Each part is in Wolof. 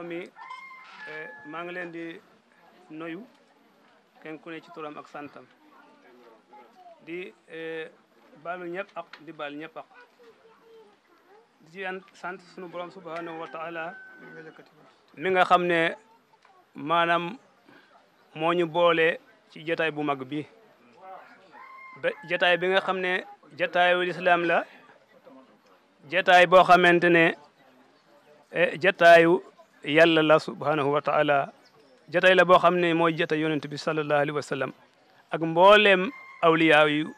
mbooloo eh, maa ngi leen di nuyu kenn ne ci turam ak santam di eh, baalu ñëpp ak di baal ñëpp di ci sant sunu borom subhanahu wa mi nga xam ne maanaam moo ñu boole ci jataay bu mag bi ba bi nga xam ne jataayu lislaam la jataay boo xamante ne eh, jataayu yàlla la subhanahu wa taala jatay la boo xam ne mooy jatay yonent bi sallallahu alayhi wa sallam ak mbooleem awliya yu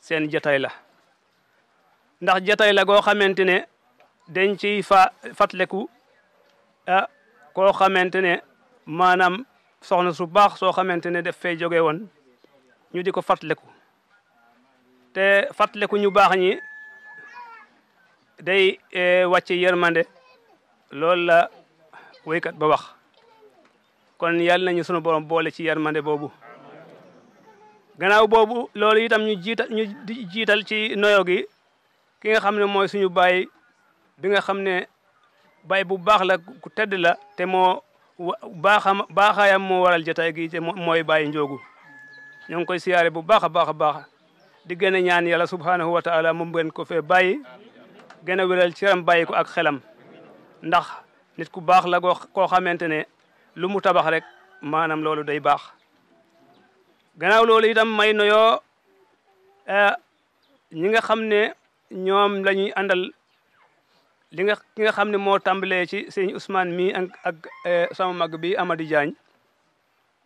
seen jatay la ndax jatay la goo xamante ne dañ ciy fa fatleku ah koo xamante ne maanaam soxna su baax soo xamante ne daf fay jóge woon ñu di ko fatleku te fatleku ñu baax ñi day eh, wàcce yërmande loolu la woykat ba wax kon yàlla nañu sunu borom boole ci yarmande boobu ganaaw boobu loolu itam ñu jiital ñu jiital ci noyo gi ki nga xam ne mooy suñu baay bi nga xam ne baay bu baax la ku tedd la te moo baaxam baaxaayam moo waral jotaay gi te mooy baay njoogu ñoo ngi koy siyaare bu baax a baax a baax di gën a ñaan yàlla subhanahu wa taala moom ngeen ko fee bàyyi gën a wéral ci ram bàyyi ko ak xelam ndax nit ku baax la koo xamante ne lu mu tabax rek maanaam loolu day baax gannaaw loolu itam may noyoo eh, ñi nga xam ne ñoom la ñuy àndal li nga ki nga xam ne moo tàmbalee ci sëñ Ousmane mii ak eh, sama mag bi Amady Diagne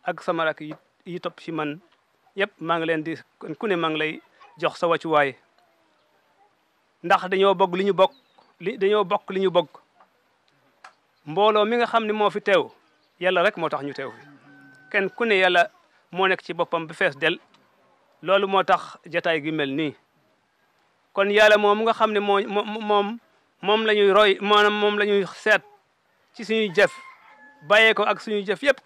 ak sama rak yi yi ci man yëpp maa ngi leen di ku ne maa ngi lay jox sa wàccuwaay ndax dañoo bokk li ñu bokk li ñu bokk mbooloo mi nga xam ne moo fi teew yàlla rek moo tax ñu tew fi kenn ku ne yàlla moo nekk ci boppam bi fees del loolu moo tax jataay gi mel nii kon yàlla moom nga xam ne moo moom moom la ñuy roy maanaam moom la ñuy seet ci suñuy jëf bàyyee ko ak suñuy jëf yëpp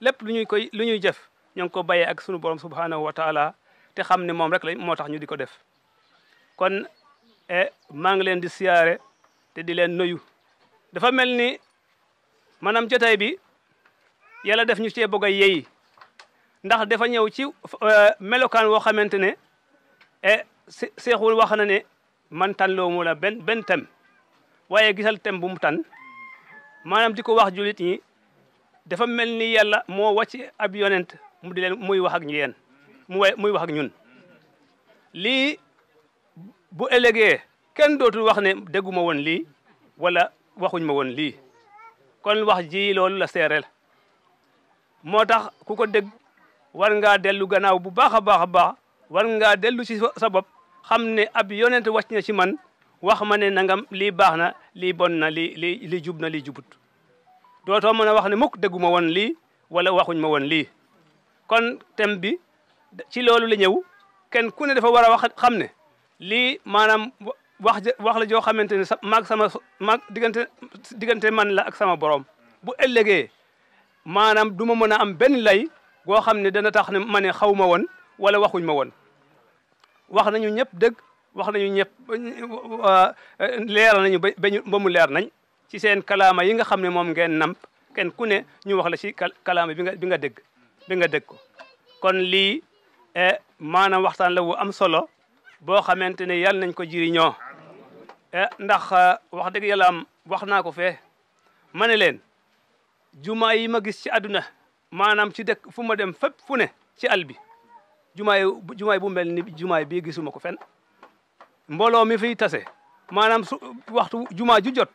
lépp lu ñuy koy lu ñuy jëf ñoo ngi ko bàyyee ak suñu borom subhanahu wa te xam ne moom rek la moo tax ñu di ko def kon eh, maa ngi leen di siyaare te di leen nuyu dafa mel ni maanaam jotaay bi yàlla def ñu cee bëgg a yeey ndax dafa ñëw ci euh, melokaan woo xamante ne e seexul wax na ne man tan loo mu la benn benn tem waaye gisal tem bu mu tan maanaam di ko wax julit ñi dafa mel ni yàlla moo wàcc ab yonent mu di leen muy wax ak ñu yeen mu way muy wax ak ñun lii bu ëllëgee kenn dootul wax ne dégguma woon lii walla waxuñ ma woon lii kon wax ji loolu la seereel moo tax ku ko dégg war ngaa dellu gannaaw bu baax a baax a baax war ngaa dellu ci sa bopp xam ne ab yonent wàcc na ci man wax ma ne nangam lii baax na lii bon na lii lii lii jub na lii jubut dootoo mën na wax ne mukk déggu ma woon lii wala waxuñ ma woon lii kon thème bi ci loolu la ñëw kenn ku ne dafa war wax xam ne lii maanaam wax ja wax la joo xamante ne sa maag sama maag diggante diggante man la ak sama borom bu ëllëgee maanaam duma ma mën a am benn lay goo xam ne dana tax ne ma ne xaw ma woon wala waxuñ ma woon wax nañu ñëpp dëgg wax nañu ñëpp leeral nañu ba mu leer nañ ci seen kalaama yi nga xam ne moom ngeen namp kenn ku ne ñu wax la ci kalaama bi nga bi nga bi nga dégg ko kon lii eh, maanaam waxtaan la wu am solo boo xamante ne yàlla nañ ko jëriñoo Eh, ndax eh, wax dëgg yàlla wax naa ko fee ma ne leen jumaa yi ma gis ci àdduna maanaam ci dëkk fu ma dem fépp fu ne ci àll bi jumaay jumaay bu mel ni jumaay bii gisuma ko fen mbooloo mi fiy tase maanaam su waxtu jumaa ju jot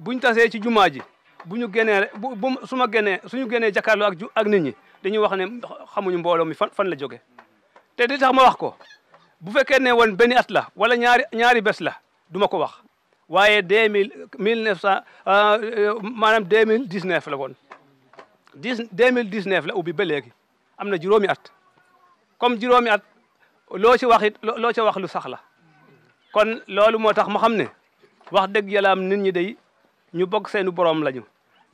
buñ tasee ci jumaa ji bu ñu génnee bu su ma génnee suñu génnee jàkkaarloo ak ju ak nit ñi dañuy wax ne xamuñu mbooloo mi fan fan la jóge te di tax ma wax ko bu fekkee ne woon benn at la wala ñaari ñaari bés la duma ko wax waaye deux mille mille neuf cent euh, maanaam deux mille dix neuf la woon dix deux mille dix neuf la ubbi ba léegi am na juróomi at comme juróomi at loo ci wax it ci wax lu sax la kon loolu moo tax ma xam ne wax dëgg yàlla nit ñi day ñu bokk seenu borom lañu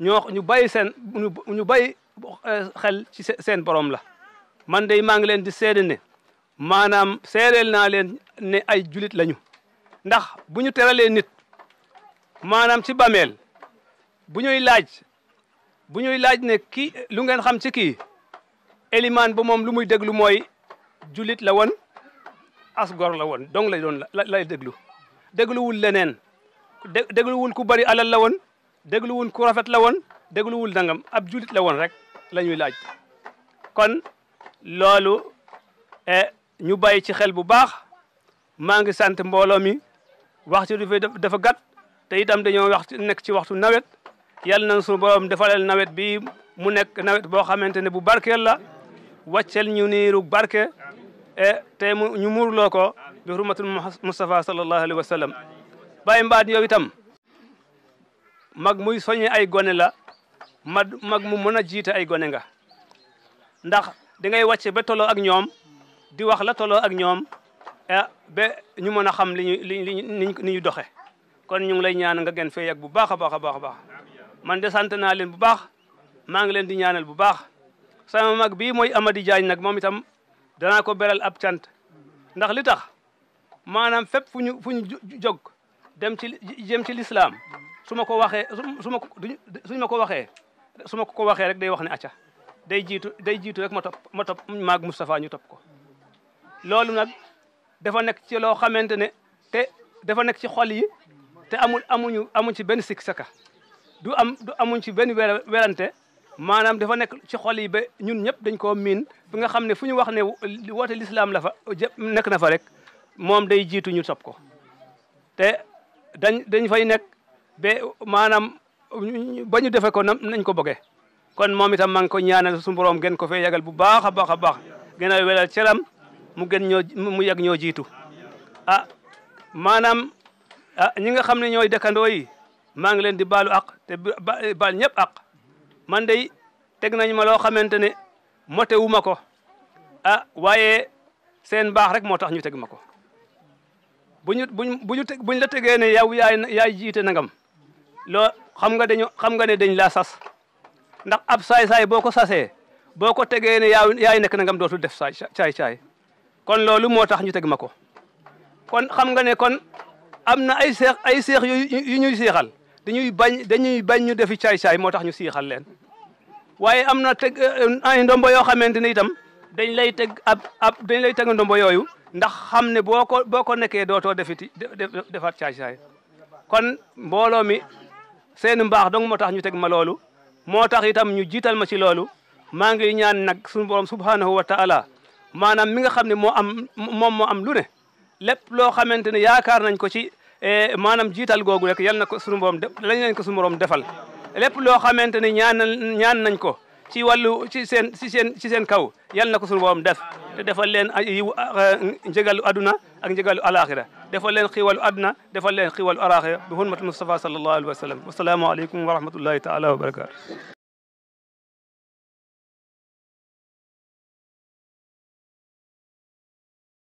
ñoo ñu bàyyi seen ñu bàyyi euh, xel ci seen borom la man dey maa ngi leen di seede ne maanaam seedeel naa leen ne ay julit ñu ndax bu ñu teralee nit maanaam ci bameel bu ñuy laaj bu ñuy laaj ne kii lu ngeen xam ci kii élimaan ba moom lu muy déglu mooy julit la woon as gor la woon dong lay doon lay déglu dégluwul leneen dégluwul ku bari alal la woon dégluwul ku rafet la woon dégluwul dangam ab julit la woon rek lañuy laaj kon loolu eh, ñu bàyyi ci xel bu baax maa ngi sant mbooloo mi waxtu du fay dafa gàtt te itam dañoo wax nekk ci waxtu nawet yàlla nañ suñu borom defaleel nawet bi mu nekk nawet boo xamante ne bu barkeel la wàccel ñu niiru barke e, te mu ñu muurloo ko bi hurmatul Mustafa sallallahu alayhi wa sallam bàyyi yow itam mag muy soñe ay gone la ma mag mu mën a jiite ay gone nga ndax da ngay wàcce ba tolo ak ñoom di wax la toloo ak ñoom ah ba ñu mën a xam li ñu li ni ñu doxee kon ñu ngi lay ñaan nga gen fee yegg bu baax a baax a baax man de sant naa leen bu baax maa ngi leen di ñaanal bu baax. sama mag bii mooy Amady jaañ nag moom itam danaa ko beral ab cant ndax li tax maanaam fépp fu ñu fu ñu dem ci jëm ci lislaam su ma ko waxee su ma ko suñ ma ko waxee su ma ko waxee rek day wax ne acca day jiitu day jiitu rek ma topp ma topp maag Moustapha ñu topp ko loolu nag. dafa nekk ci loo xamante ne te dafa nekk ci xol yi te amul amuñu amuñ ci benn sikk saka du am du amuñ ci benn werante maanaam dafa nekk ci xol yi ba ñun ñëpp dañ koo miin bi nga xam ne fu ñu wax ne woote lislaam la fa nekk na fa rek moom day jiitu ñu topp ko te dañ dañ fay nekk ba maanaam ba ñu defe ko nañ ko bëggee kon moom itam maa ngi ko ñaanal suñu borom gën ko fee yagal bu baax a baax a baax gën a welal ceram mu gën ñoo mu yàgg ñoo jiitu ah maanaam ah, ñi nga xam ne ñooy dëkkandoo yi maa ngi leen di baalu ak te baal ñëpp ak man day teg nañ ma loo xamante ne mote wu ma ko ah waaye seen baax rek moo tax ñu teg ma ko bu ñu buñu buñ la tegee ne yow yaay yaay jiite nangam loo xam nga dañu xam nga ne dañ laa sas ndax ab saay-saay boo ko sasee boo ko tegee ne yaa yaay nekk nangam dootul def saay caay-caay kon loolu moo tax ñu teg ma ko kon xam nga ne kon am na ay seex ay seex yu ñuy seexal dañuy bañ dañuy bañ ñu defi caay-caay moo tax ñu seexal leen waaye am na teg eh, ay ndombo yoo xamante ne itam dañ lay teg ab ab dañ teg ndombo yooyu ndax xam ne boo ko boo ko nekkee dootoo defiti defaat caay-caay kon mbooloo mi seen mbaax dong moo tax ñu teg ma loolu moo tax itam ñu jiital ma si loolu maa ngi ñaan nag suñu borom subhanahu wa taala maanaam mi nga xam ne moo am moom moo am lu ne lépp loo xamante ne yaakaar nañ ko ci eh, maanaam jiital googu rek yal na ko suñu borom def lañ leen ko suñu borom defal lépp loo xamante ne ñaan ñaan nañ ko ci wàllu ci seen ci seen ci seen kaw yal na ko suñu borom def te defal leen yiw eh, njëgalu aduna ak njëgalu alaxira defal leen xiiwalu aduna defal leen xiiwalu alaxira bi hurmati Mustafa sallallahu alayhi wa sallam wasalaamu aleykum wa rahmatullahi taala wa barakatu